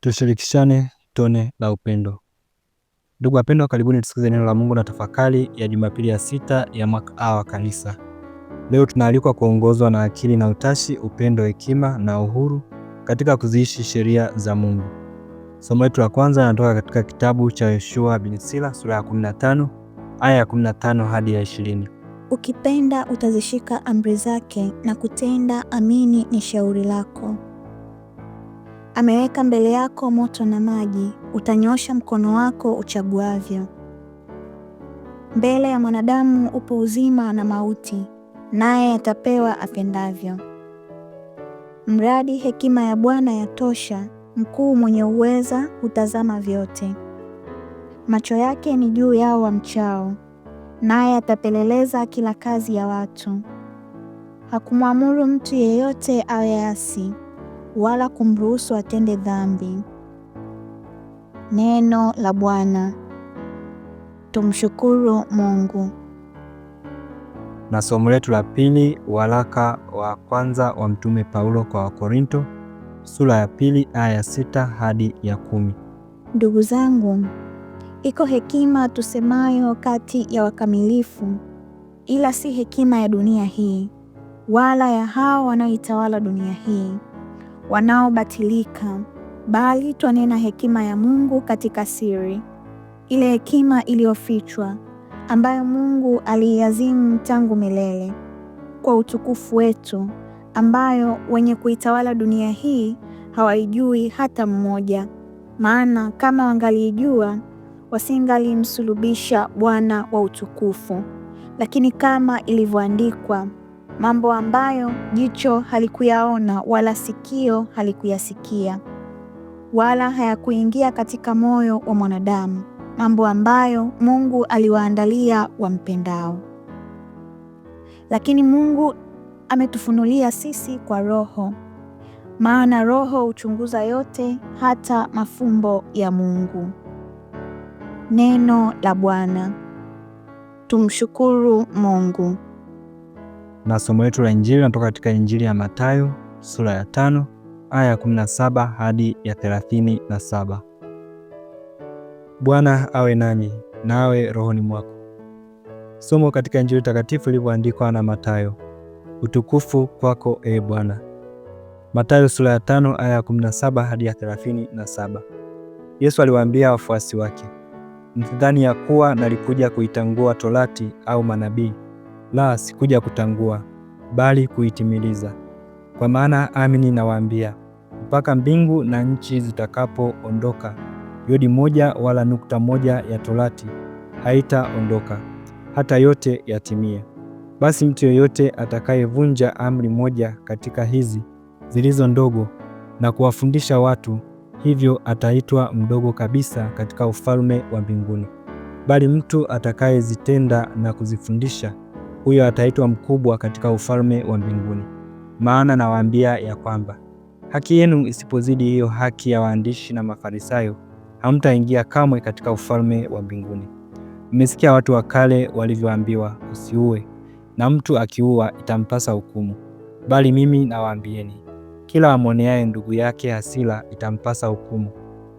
Tushirikishane tone la upendo. Ndugu wapendwa, karibuni tusikize neno la Mungu na tafakari ya Jumapili ya sita ya mwaka A wa Kanisa. Leo tunaalikwa kuongozwa na akili na utashi, upendo, hekima na uhuru katika kuziishi sheria za Mungu. Somo letu la kwanza linatoka katika kitabu cha Yoshua bin Sira sura ya 15 aya ya 15 hadi ya 20. Ukipenda utazishika amri zake na kutenda, amini ni shauri lako Ameweka mbele yako moto na maji, utanyosha mkono wako uchaguavyo. Mbele ya mwanadamu upo uzima na mauti, naye atapewa apendavyo. Mradi hekima ya Bwana yatosha, mkuu mwenye uweza hutazama vyote. Macho yake ni juu yao wamchao, naye atapeleleza kila kazi ya watu. Hakumwamuru mtu yeyote awe asi wala kumruhusu atende dhambi. Neno la Bwana. Tumshukuru Mungu. Na somo letu la pili, waraka wa kwanza wa Mtume Paulo kwa Wakorinto sura ya pili aya ya sita hadi ya kumi. Ndugu zangu, iko hekima tusemayo kati ya wakamilifu, ila si hekima ya dunia hii, wala ya hao wanaoitawala dunia hii wanaobatilika, bali twanena hekima ya Mungu katika siri, ile hekima iliyofichwa, ambayo Mungu aliiazimu tangu milele kwa utukufu wetu, ambayo wenye kuitawala dunia hii hawaijui hata mmoja. Maana kama wangaliijua wasingalimsulubisha Bwana wa utukufu. Lakini kama ilivyoandikwa, mambo ambayo jicho halikuyaona wala sikio halikuyasikia wala hayakuingia katika moyo wa mwanadamu, mambo ambayo Mungu aliwaandalia wampendao. Lakini Mungu ametufunulia sisi kwa Roho, maana Roho huchunguza yote, hata mafumbo ya Mungu. Neno la Bwana. Tumshukuru Mungu na somo letu la Injili natoka katika Injili ya Mathayo sura ya tano aya ya saba hadi ya saba. Bwana awe nanyi nawe rohoni mwako. Somo katika Injili takatifu ilivyoandikwa na Mathayo. Utukufu kwako e Bwana. Mathayo sura ya tano aya ya saba hadi ya saba. Yesu aliwaambia wafuasi wake, msidhani ya kuwa nalikuja kuitangua torati au manabii la sikuja kutangua, bali kuitimiliza. Kwa maana amini nawaambia, mpaka mbingu na nchi zitakapoondoka, yodi moja wala nukta moja ya torati haitaondoka hata yote yatimie. Basi mtu yeyote atakayevunja amri moja katika hizi zilizo ndogo na kuwafundisha watu, hivyo ataitwa mdogo kabisa katika ufalme wa mbinguni, bali mtu atakayezitenda na kuzifundisha huyo ataitwa mkubwa katika ufalme wa mbinguni. Maana nawaambia ya kwamba haki yenu isipozidi hiyo haki ya waandishi na Mafarisayo, hamtaingia kamwe katika ufalme wa mbinguni. Mmesikia watu wa kale walivyoambiwa, usiue, na mtu akiua itampasa hukumu. Bali mimi nawaambieni, kila amwoneaye ndugu yake hasira itampasa hukumu,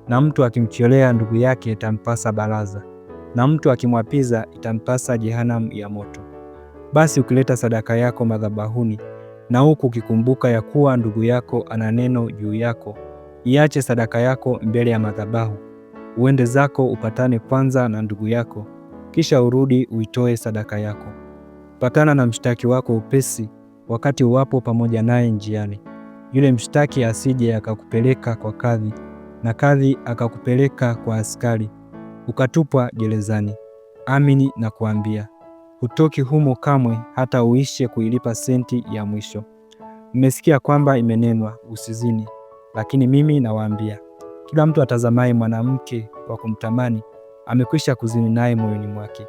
na mtu akimchelea ndugu yake itampasa baraza, na mtu akimwapiza itampasa jehanamu ya moto basi ukileta sadaka yako madhabahuni na huku ukikumbuka ya kuwa ndugu yako ana neno juu yako, iache sadaka yako mbele ya madhabahu, uende zako upatane kwanza na ndugu yako, kisha urudi uitoe sadaka yako. Patana na mshtaki wako upesi, wakati uwapo pamoja naye njiani, yule mshtaki asije akakupeleka kwa kadhi, na kadhi akakupeleka kwa askari, ukatupwa gerezani. Amini na kuambia Hutoki humo kamwe, hata uishe kuilipa senti ya mwisho. Mmesikia kwamba imenenwa, usizini. Lakini mimi nawaambia, kila mtu atazamaye mwanamke kwa kumtamani amekwisha kuzini naye moyoni mwake.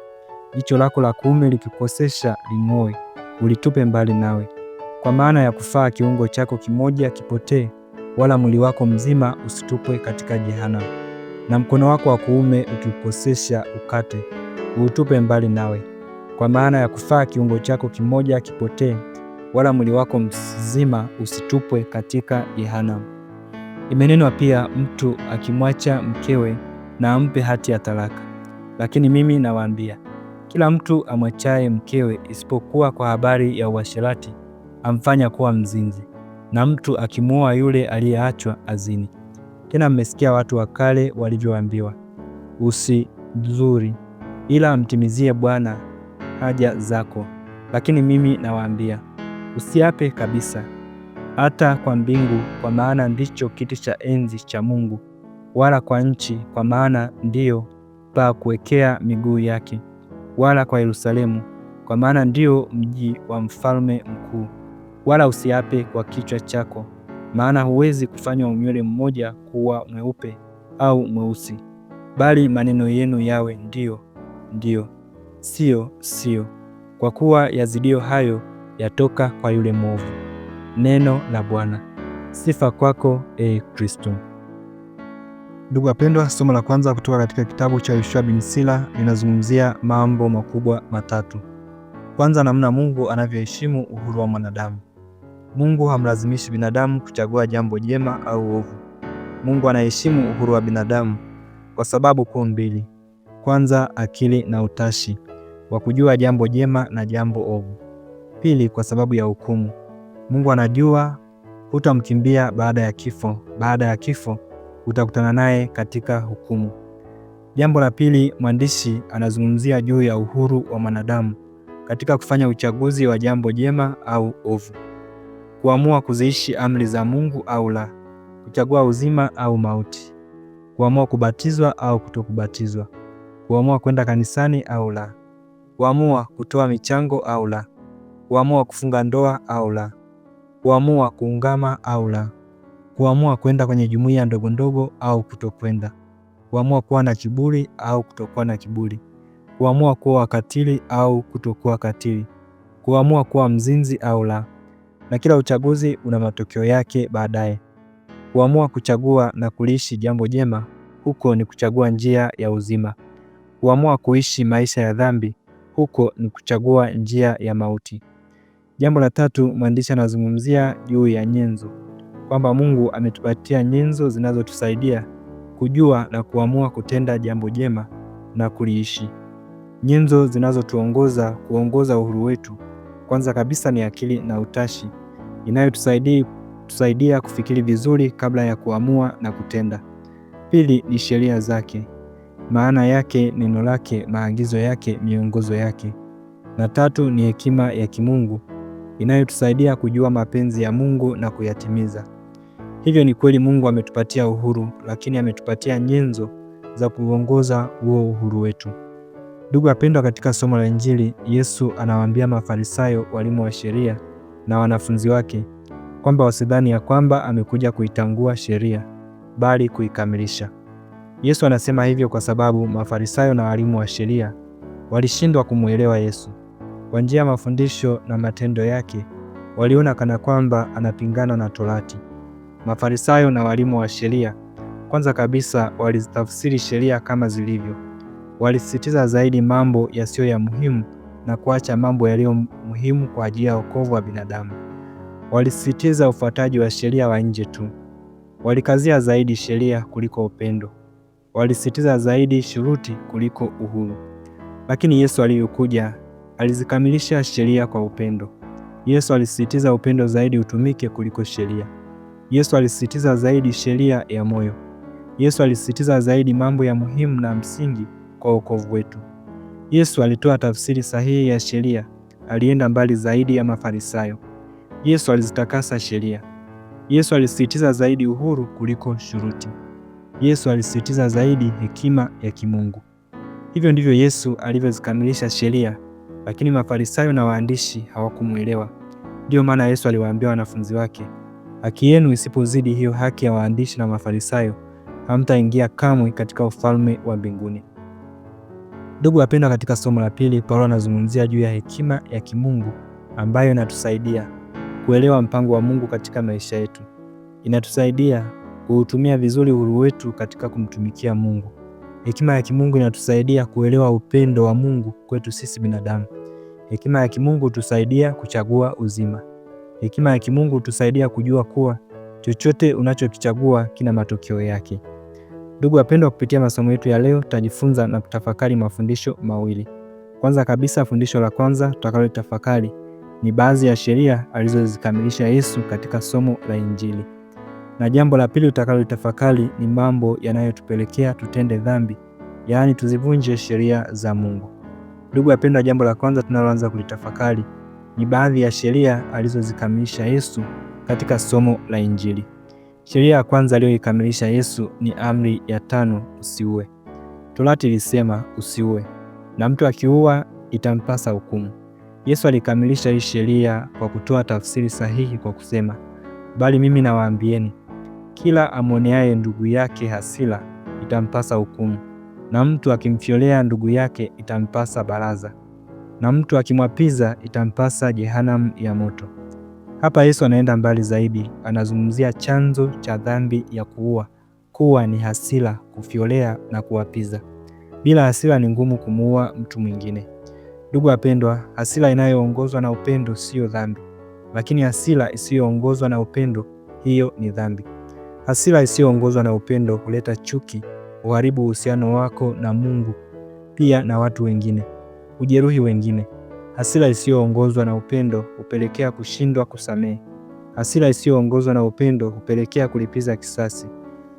Jicho lako la kuume likikosesha ling'oe, ulitupe mbali nawe, kwa maana ya kufaa kiungo chako kimoja kipotee, wala mwili wako mzima usitupwe katika jehanamu. Na mkono wako wa kuume ukikukosesha, ukate, uutupe mbali nawe kwa maana ya kufaa kiungo chako kimoja kipotee, wala mwili wako mzima usitupwe katika jehanamu. Imenenwa pia, mtu akimwacha mkewe na ampe hati ya talaka. Lakini mimi nawaambia, kila mtu amwachaye mkewe, isipokuwa kwa habari ya uasherati, amfanya kuwa mzinzi, na mtu akimwoa yule aliyeachwa azini. Tena mmesikia watu wa kale walivyoambiwa, usidhuri, ila amtimizie Bwana haja zako. Lakini mimi nawaambia, usiape kabisa, hata kwa mbingu, kwa maana ndicho kiti cha enzi cha Mungu, wala kwa nchi, kwa maana ndiyo pa kuwekea miguu yake, wala kwa Yerusalemu, kwa maana ndiyo mji wa mfalme mkuu. Wala usiape kwa kichwa chako, maana huwezi kufanya unywele mmoja kuwa mweupe au mweusi, bali maneno yenu yawe ndiyo ndiyo sio sio kwa kuwa yazidio hayo yatoka kwa yule mwovu. Neno la Bwana. Sifa kwako e Kristo. Ndugu wapendwa, somo la kwanza kutoka katika kitabu cha Yoshua bin sila linazungumzia mambo makubwa matatu. Kwanza, namna Mungu anavyoheshimu uhuru wa mwanadamu. Mungu hamlazimishi binadamu kuchagua jambo jema au ovu. Mungu anaheshimu uhuru wa binadamu kwa sababu kuu mbili. Kwanza, akili na utashi wa kujua jambo jema na jambo ovu. Pili, kwa sababu ya hukumu. Mungu anajua hutamkimbia baada ya kifo, baada ya kifo utakutana naye katika hukumu. Jambo la pili, mwandishi anazungumzia juu ya uhuru wa mwanadamu katika kufanya uchaguzi wa jambo jema au ovu, kuamua kuziishi amri za Mungu au la, kuchagua uzima au mauti, kuamua kubatizwa au kutokubatizwa, kuamua kwenda kanisani au la kuamua kutoa michango au la, kuamua kufunga ndoa au la, kuamua kuungama au la, kuamua kwenda kwenye jumuiya ndogo ndogo au kutokwenda, kuamua kuwa na kiburi au kutokuwa na kiburi, kuamua kuwa wakatili au kutokuwa katili, kuamua kuwa mzinzi au la. Na kila uchaguzi una matokeo yake baadaye. Kuamua kuchagua na kuliishi jambo jema, huko ni kuchagua njia ya uzima. Kuamua kuishi maisha ya dhambi, huko ni kuchagua njia ya mauti. Jambo la tatu, mwandishi anazungumzia juu ya nyenzo, kwamba Mungu ametupatia nyenzo zinazotusaidia kujua na kuamua kutenda jambo jema na kuliishi. Nyenzo zinazotuongoza kuongoza uhuru wetu, kwanza kabisa ni akili na utashi inayotusaidia tusaidia kufikiri vizuri kabla ya kuamua na kutenda. Pili ni sheria zake maana yake, neno lake, maagizo yake, miongozo yake. Na tatu ni hekima ya kimungu inayotusaidia kujua mapenzi ya Mungu na kuyatimiza. Hivyo ni kweli Mungu ametupatia uhuru, lakini ametupatia nyenzo za kuongoza huo uhuru wetu. Ndugu wapendwa, katika somo la Injili Yesu anawaambia Mafarisayo, walimu wa sheria na wanafunzi wake kwamba wasidhani ya kwamba amekuja kuitangua sheria bali kuikamilisha. Yesu anasema hivyo kwa sababu Mafarisayo na walimu wa sheria walishindwa kumwelewa Yesu. Kwa njia ya mafundisho na matendo yake, waliona kana kwamba anapingana na Torati. Mafarisayo na walimu wa sheria, kwanza kabisa, walizitafsiri sheria kama zilivyo. Walisisitiza zaidi mambo yasiyo ya muhimu na kuacha mambo yaliyo muhimu kwa ajili ya wokovu wa binadamu. Walisisitiza ufuataji wa sheria wa nje tu. Walikazia zaidi sheria kuliko upendo walisitiza zaidi shuruti kuliko uhuru. Lakini Yesu aliyokuja alizikamilisha sheria kwa upendo. Yesu alisisitiza upendo zaidi utumike kuliko sheria. Yesu alisisitiza zaidi sheria ya moyo. Yesu alisisitiza zaidi mambo ya muhimu na msingi kwa wokovu wetu. Yesu alitoa tafsiri sahihi ya sheria, alienda mbali zaidi ya Mafarisayo. Yesu alizitakasa sheria. Yesu alisisitiza zaidi uhuru kuliko shuruti. Yesu alisisitiza zaidi hekima ya kimungu. Hivyo ndivyo Yesu alivyozikamilisha sheria, lakini Mafarisayo na waandishi hawakumwelewa. Ndiyo maana Yesu aliwaambia wanafunzi wake, haki yenu isipozidi hiyo haki ya waandishi na Mafarisayo, hamtaingia kamwe katika ufalme wa mbinguni. Ndugu wapendwa, katika somo la pili Paulo anazungumzia juu ya hekima ya kimungu ambayo inatusaidia kuelewa mpango wa Mungu katika maisha yetu, inatusaidia kuutumia vizuri uhuru wetu katika kumtumikia Mungu. Hekima ya kimungu inatusaidia kuelewa upendo wa Mungu kwetu sisi binadamu. Hekima ya kimungu hutusaidia kuchagua uzima. Hekima ya kimungu hutusaidia kujua kuwa chochote unachokichagua kina matokeo yake. Ndugu wapendwa, kupitia masomo yetu ya leo tutajifunza na kutafakari mafundisho mawili. Kwanza kabisa, fundisho la kwanza tutakalotafakari ni baadhi ya sheria alizozikamilisha Yesu katika somo la Injili. Na jambo la pili utakalolitafakari ni mambo yanayotupelekea tutende dhambi, yaani tuzivunje sheria za Mungu. Ndugu wapendwa, jambo la kwanza tunaloanza kulitafakari ni baadhi ya sheria alizozikamilisha Yesu katika somo la Injili. Sheria ya kwanza aliyoikamilisha Yesu ni amri ya tano, usiue. Torati ilisema usiue, na mtu akiua itampasa hukumu. Yesu alikamilisha hii sheria kwa kutoa tafsiri sahihi kwa kusema, bali mimi nawaambieni kila amwoneaye ndugu yake hasira itampasa hukumu, na mtu akimfyolea ndugu yake itampasa baraza, na mtu akimwapiza itampasa jehanamu ya moto. Hapa Yesu anaenda mbali zaidi, anazungumzia chanzo cha dhambi ya kuua. Kuwa ni hasira, kufyolea na kuwapiza. Bila hasira ni ngumu kumuua mtu mwingine. Ndugu wapendwa, hasira inayoongozwa na upendo siyo dhambi, lakini hasira isiyoongozwa na upendo, hiyo ni dhambi. Hasira isiyoongozwa na upendo huleta chuki, huharibu uhusiano wako na Mungu pia na watu wengine, hujeruhi wengine. Hasira isiyoongozwa na upendo hupelekea kushindwa kusamehe. Hasira isiyoongozwa na upendo hupelekea kulipiza kisasi.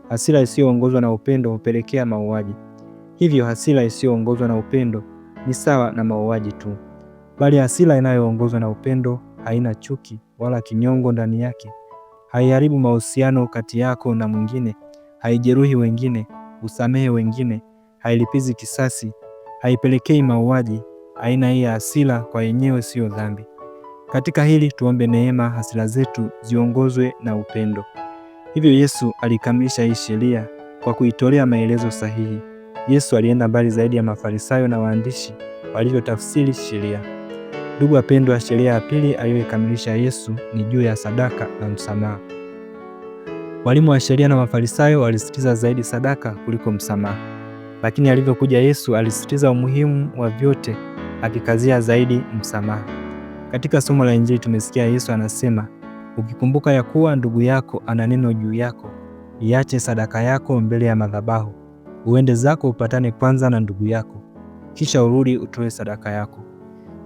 Hasira isiyoongozwa na upendo hupelekea mauaji. Hivyo hasira isiyoongozwa na upendo ni sawa na mauaji tu, bali hasira inayoongozwa na upendo haina chuki wala kinyongo ndani yake, haiharibu mahusiano kati yako na mwingine, haijeruhi wengine, usamehe wengine, hailipizi kisasi, haipelekei mauaji. Aina hii ya hasira kwa yenyewe siyo dhambi. Katika hili tuombe neema, hasira zetu ziongozwe na upendo. Hivyo Yesu alikamilisha hii sheria kwa kuitolea maelezo sahihi. Yesu alienda mbali zaidi ya Mafarisayo na waandishi walivyotafsiri sheria. Ndugu wapendwa, sheria ya pili aliyoikamilisha Yesu ni juu ya sadaka na msamaha. Walimu wa sheria na Mafarisayo walisitiza zaidi sadaka kuliko msamaha, lakini alivyokuja Yesu alisitiza umuhimu wa vyote, akikazia zaidi msamaha. Katika somo la Injili tumesikia Yesu anasema, ukikumbuka ya kuwa ndugu yako ana neno juu yako, iache sadaka yako mbele ya madhabahu, uende zako upatane kwanza na ndugu yako, kisha urudi utoe sadaka yako.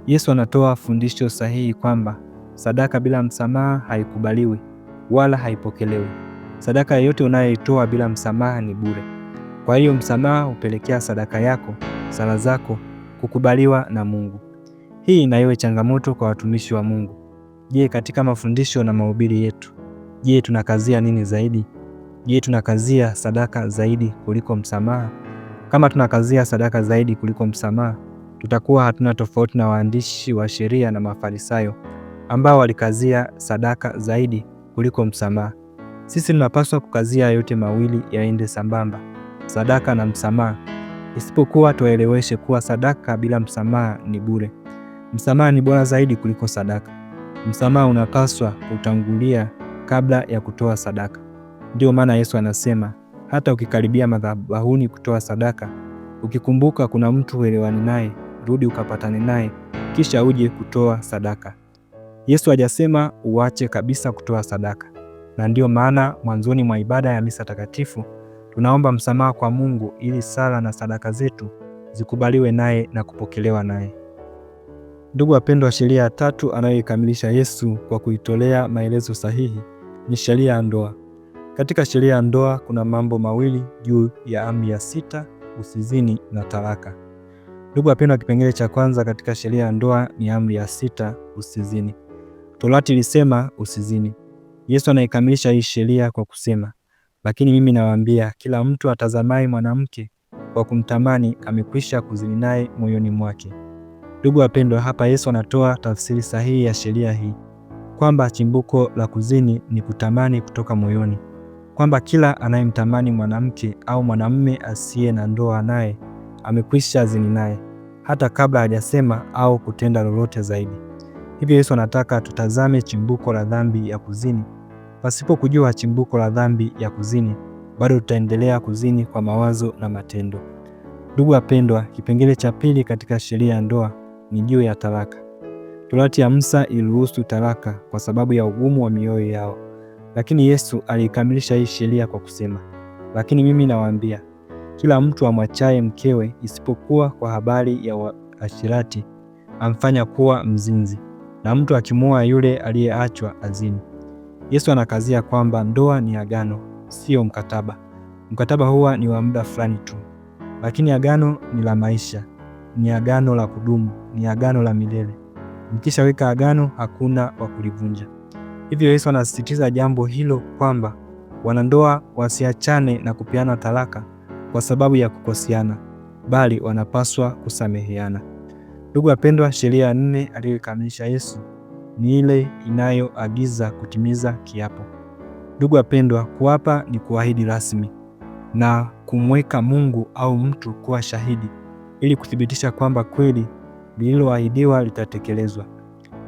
Yesu anatoa fundisho sahihi kwamba sadaka bila msamaha haikubaliwi wala haipokelewi. Sadaka yoyote unayoitoa bila msamaha ni bure. Kwa hiyo msamaha hupelekea sadaka yako, sala zako kukubaliwa na Mungu. Hii na iwe changamoto kwa watumishi wa Mungu. Je, katika mafundisho na mahubiri yetu, je, tunakazia nini zaidi? Je, tunakazia sadaka zaidi kuliko msamaha? Kama tunakazia sadaka zaidi kuliko msamaha tutakuwa hatuna tofauti na waandishi wa sheria na Mafarisayo ambao walikazia sadaka zaidi kuliko msamaha. Sisi tunapaswa kukazia yote mawili yaende sambamba, sadaka na msamaha, isipokuwa tuwaeleweshe kuwa sadaka bila msamaha ni bure. Msamaha ni bora zaidi kuliko sadaka. Msamaha unapaswa kutangulia kabla ya kutoa sadaka. Ndiyo maana Yesu anasema hata ukikaribia madhabahuni kutoa sadaka, ukikumbuka kuna mtu uelewani naye rudi ukapatane naye, kisha uje kutoa sadaka. Yesu hajasema uache kabisa kutoa sadaka, na ndiyo maana mwanzoni mwa ibada ya misa takatifu tunaomba msamaha kwa Mungu ili sala na sadaka zetu zikubaliwe naye na kupokelewa naye. Ndugu wapendwa, sheria ya tatu anayoikamilisha Yesu kwa kuitolea maelezo sahihi ni sheria ya ndoa. Katika sheria ya ndoa kuna mambo mawili juu ya amri ya sita, usizini na talaka. Ndugu wapendwa, kipengele cha kwanza katika sheria ya ndoa ni amri ya sita, usizini. Torati ilisema usizini. Yesu anaikamilisha hii sheria kwa kusema, lakini mimi nawaambia kila mtu atazamai mwanamke kwa kumtamani amekwisha kuzini naye moyoni mwake. Ndugu wapendwa, hapa Yesu anatoa tafsiri sahihi ya sheria hii kwamba chimbuko la kuzini ni kutamani kutoka moyoni, kwamba kila anayemtamani mwanamke au mwanamume asiye na ndoa naye amekwisha zini naye hata kabla hajasema au kutenda lolote zaidi. Hivyo Yesu anataka tutazame chimbuko la dhambi ya kuzini. Pasipo kujua chimbuko la dhambi ya kuzini, bado tutaendelea kuzini kwa mawazo na matendo. Ndugu wapendwa, kipengele cha pili katika sheria ya ndoa ni juu ya talaka. Torati ya Musa iliruhusu talaka kwa sababu ya ugumu wa mioyo yao, lakini Yesu aliikamilisha hii sheria kwa kusema, lakini mimi nawaambia kila mtu amwachaye mkewe isipokuwa kwa habari ya uasherati amfanya kuwa mzinzi, na mtu akimwoa yule aliyeachwa azini. Yesu anakazia kwamba ndoa ni agano, sio mkataba. Mkataba huwa ni wa muda fulani tu, lakini agano ni la maisha, ni agano la kudumu, ni agano la milele. Mkishaweka agano, hakuna wa kulivunja. Hivyo Yesu anasisitiza jambo hilo kwamba wanandoa wasiachane na kupeana talaka kwa sababu ya kukoseana, bali wanapaswa kusameheana. Ndugu wapendwa, sheria nne aliyoikamilisha Yesu ni ile inayoagiza kutimiza kiapo. Ndugu wapendwa, kuapa ni kuahidi rasmi na kumweka Mungu au mtu kuwa shahidi ili kuthibitisha kwamba kweli lililoahidiwa litatekelezwa.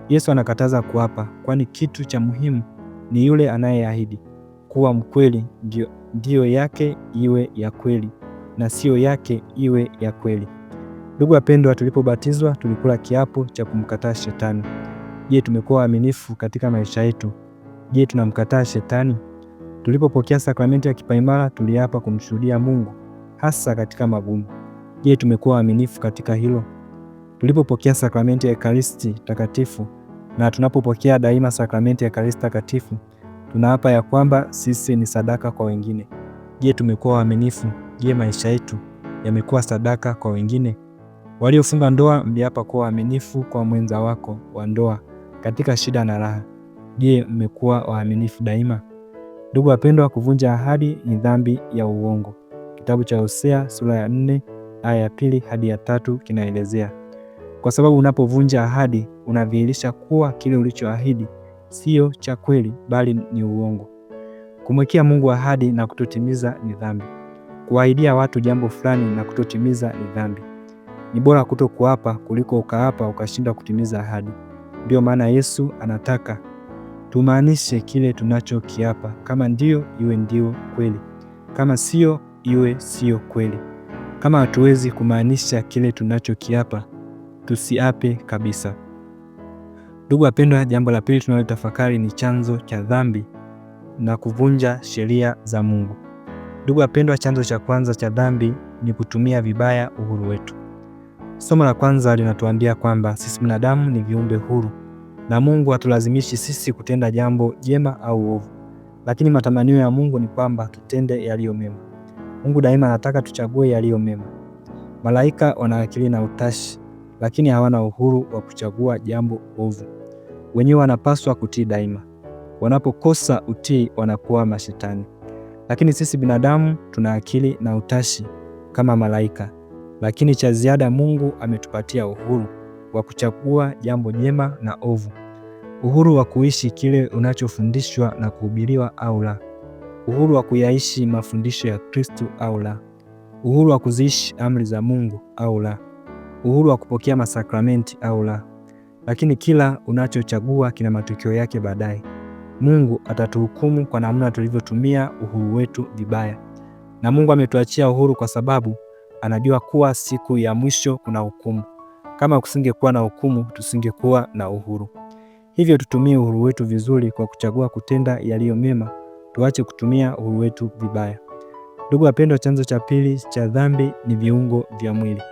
Yesu anakataza kuapa, kwani kitu cha muhimu ni yule anayeahidi kuwa mkweli, ndiyo yake iwe ya kweli na sio yake iwe ya kweli. Ndugu wapendwa, tulipobatizwa tulikula kiapo cha kumkataa shetani. Je, tumekuwa waaminifu katika maisha yetu? Je, tunamkataa shetani? Tulipopokea sakramenti ya kipaimara tuliapa kumshuhudia Mungu hasa katika magumu. Je, tumekuwa waaminifu katika hilo? Tulipopokea sakramenti ya Ekaristi Takatifu na tunapopokea daima sakramenti ya Ekaristi Takatifu tunaapa ya kwamba sisi ni sadaka kwa wengine. Je, tumekuwa waaminifu? Je, maisha yetu yamekuwa sadaka kwa wengine? Waliofunga ndoa, mliapa kuwa waaminifu kwa mwenza wako wa ndoa katika shida na raha. Je, mmekuwa waaminifu daima? Ndugu wapendwa, kuvunja ahadi ni dhambi ya uongo. Kitabu cha Hosea sura ya nne aya ya pili hadi ya tatu kinaelezea, kwa sababu unapovunja ahadi unadhihirisha kuwa kile ulichoahidi sio cha kweli, bali ni uongo. Kumwekea Mungu ahadi na kutotimiza ni dhambi kuahidia watu jambo fulani na kutotimiza ni dhambi. Ni bora kuto kuapa kuliko ukaapa ukashindwa kutimiza ahadi. Ndiyo maana Yesu anataka tumaanishe kile tunachokiapa. Kama ndio, iwe ndio kweli, kama sio, iwe sio kweli. Kama hatuwezi kumaanisha kile tunachokiapa, tusiape kabisa. Ndugu wapendwa, jambo la pili tunalotafakari ni chanzo cha dhambi na kuvunja sheria za Mungu. Ndugu wapendwa, chanzo cha kwanza cha dhambi ni kutumia vibaya uhuru wetu. Somo la kwanza linatuambia kwamba sisi binadamu ni viumbe huru na Mungu hatulazimishi sisi kutenda jambo jema au ovu, lakini matamanio ya Mungu ni kwamba tutende yaliyo mema. Mungu daima anataka tuchague yaliyo mema. Malaika wana akili na utashi, lakini hawana uhuru wa kuchagua jambo ovu. Wenyewe wanapaswa kutii daima. Wanapokosa utii, wanakuwa mashetani. Lakini sisi binadamu tuna akili na utashi kama malaika, lakini cha ziada, Mungu ametupatia uhuru wa kuchagua jambo jema na ovu, uhuru wa kuishi kile unachofundishwa na kuhubiriwa au la, uhuru wa kuyaishi mafundisho ya Kristo au la, uhuru wa kuziishi amri za Mungu au la, uhuru wa kupokea masakramenti au la. Lakini kila unachochagua kina matokeo yake baadaye. Mungu atatuhukumu kwa namna tulivyotumia uhuru wetu vibaya. Na Mungu ametuachia uhuru kwa sababu anajua kuwa siku ya mwisho kuna hukumu. Kama kusingekuwa na hukumu, tusingekuwa na uhuru. Hivyo tutumie uhuru wetu vizuri kwa kuchagua kutenda yaliyo mema, tuache kutumia uhuru wetu vibaya. Ndugu wapendwa, chanzo cha pili cha dhambi ni viungo vya mwili.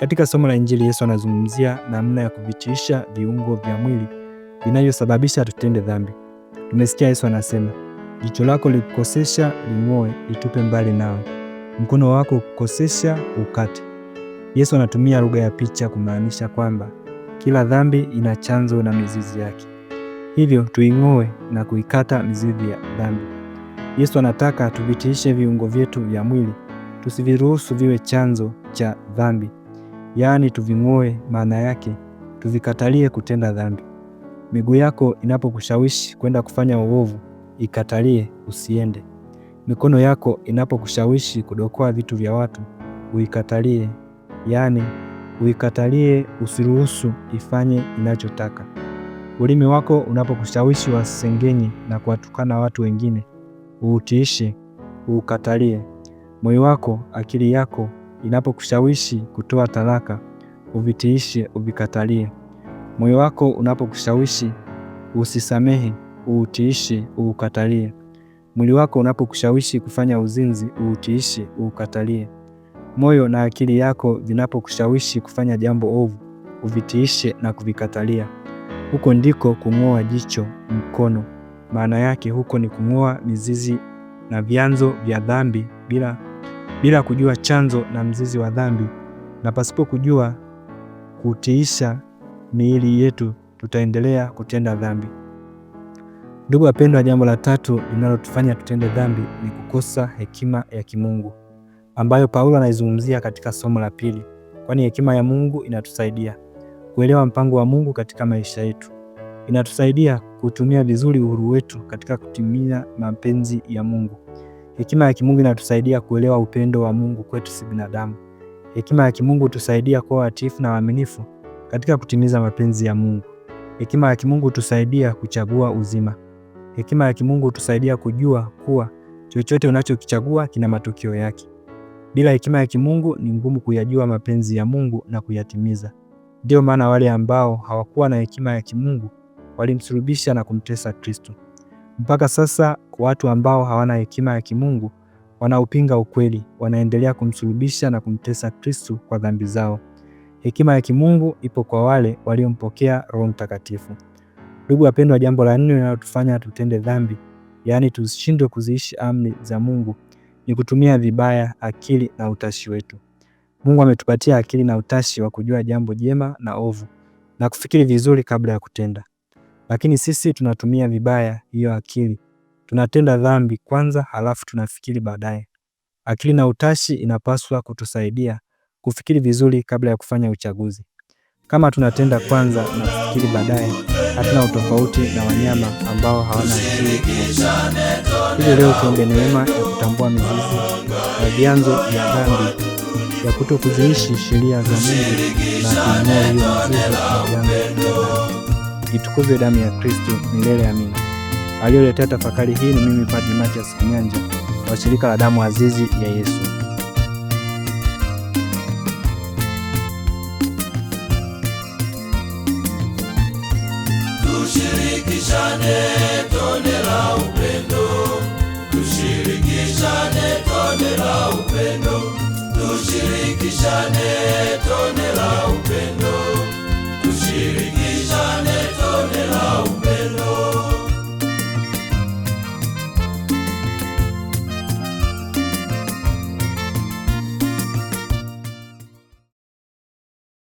Katika somo la Injili Yesu anazungumzia namna ya kuvitiisha viungo vya mwili vinavyosababisha tutende dhambi. Tumesikia Yesu anasema, jicho lako likukosesha ling'oe, litupe mbali nawe, mkono wako ukukosesha ukate. Yesu anatumia lugha ya picha kumaanisha kwamba kila dhambi ina chanzo na mizizi yake, hivyo tuing'oe na kuikata mizizi ya dhambi. Yesu anataka tuvitiishe viungo vyetu vya mwili, tusiviruhusu viwe chanzo cha dhambi, yaani tuving'oe. Maana yake tuvikatalie kutenda dhambi. Miguu yako inapokushawishi kwenda kufanya uovu, ikatalie usiende. Mikono yako inapokushawishi kudokoa vitu vya watu, uikatalie. Yaani uikatalie, usiruhusu ifanye inachotaka. Ulimi wako unapokushawishi wasengenyi na kuwatukana watu wengine, uutiishe, uukatalie. Moyo wako, akili yako inapokushawishi kutoa talaka, uvitiishe, uvikatalie. Moyo wako unapokushawishi usisamehe, uutiishi, uukatalie. Mwili wako unapokushawishi kufanya uzinzi, uutiishi, uukatalie. Moyo na akili yako vinapokushawishi kufanya jambo ovu, uvitiishe na kuvikatalia. Huko ndiko kung'oa jicho, mkono. Maana yake huko ni kung'oa mizizi na vyanzo vya dhambi bila, bila kujua chanzo na mzizi wa dhambi, na pasipo kujua kutiisha miili yetu tutaendelea kutenda dhambi. Ndugu wapendwa, jambo la tatu linalotufanya tutende dhambi ni kukosa hekima ya kimungu ambayo Paulo anaizungumzia katika somo la pili, kwani hekima ya Mungu inatusaidia kuelewa mpango wa Mungu katika maisha yetu, inatusaidia kutumia vizuri uhuru wetu katika kutimia mapenzi ya Mungu. Hekima ya kimungu inatusaidia kuelewa upendo wa Mungu kwetu si binadamu. Hekima ya kimungu hutusaidia kuwa watiifu na waaminifu katika kutimiza mapenzi ya Mungu. Hekima ya kimungu hutusaidia kuchagua uzima. Hekima ya kimungu hutusaidia kujua kuwa chochote unachokichagua kina matokeo yake. Bila hekima ya kimungu ni ngumu kuyajua mapenzi ya Mungu na kuyatimiza. Ndio maana wale ambao hawakuwa na hekima ya kimungu walimsulubisha na kumtesa Kristo. Mpaka sasa watu ambao hawana hekima ya kimungu wanaupinga ukweli, wanaendelea kumsulubisha na kumtesa Kristo kwa dhambi zao. Hekima ya kimungu ipo kwa wale waliompokea Roho Mtakatifu. Ndugu wapendwa, jambo la nne linalotufanya tutende dhambi, yaani tushindwe kuziishi amri za Mungu, ni kutumia vibaya akili na utashi wetu. Mungu ametupatia akili na utashi wa kujua jambo jema na ovu na kufikiri vizuri kabla ya kutenda, lakini sisi tunatumia vibaya hiyo akili. Tunatenda dhambi kwanza, halafu tunafikiri baadaye. Akili na utashi inapaswa kutusaidia kufikiri vizuri kabla ya kufanya uchaguzi. Kama tunatenda kwanza na kufikiri baadaye, hatuna utofauti na wanyama ambao hawana akili. Hivyo leo tuombe neema ya kutambua mizizi na vyanzo vya dhambi ya kuto kuziishi sheria za Mungu na kuinua hiyo mizizi na dhambi. Itukuzwe damu ya Kristo! Milele amina. Aliyoletea tafakari hii ni mimi Padre Matias Kunyanja wa shirika la damu azizi ya Yesu. Tushirikishane tone la upendo, tushirikishane tone la upendo, tushirikishane tone la upendo.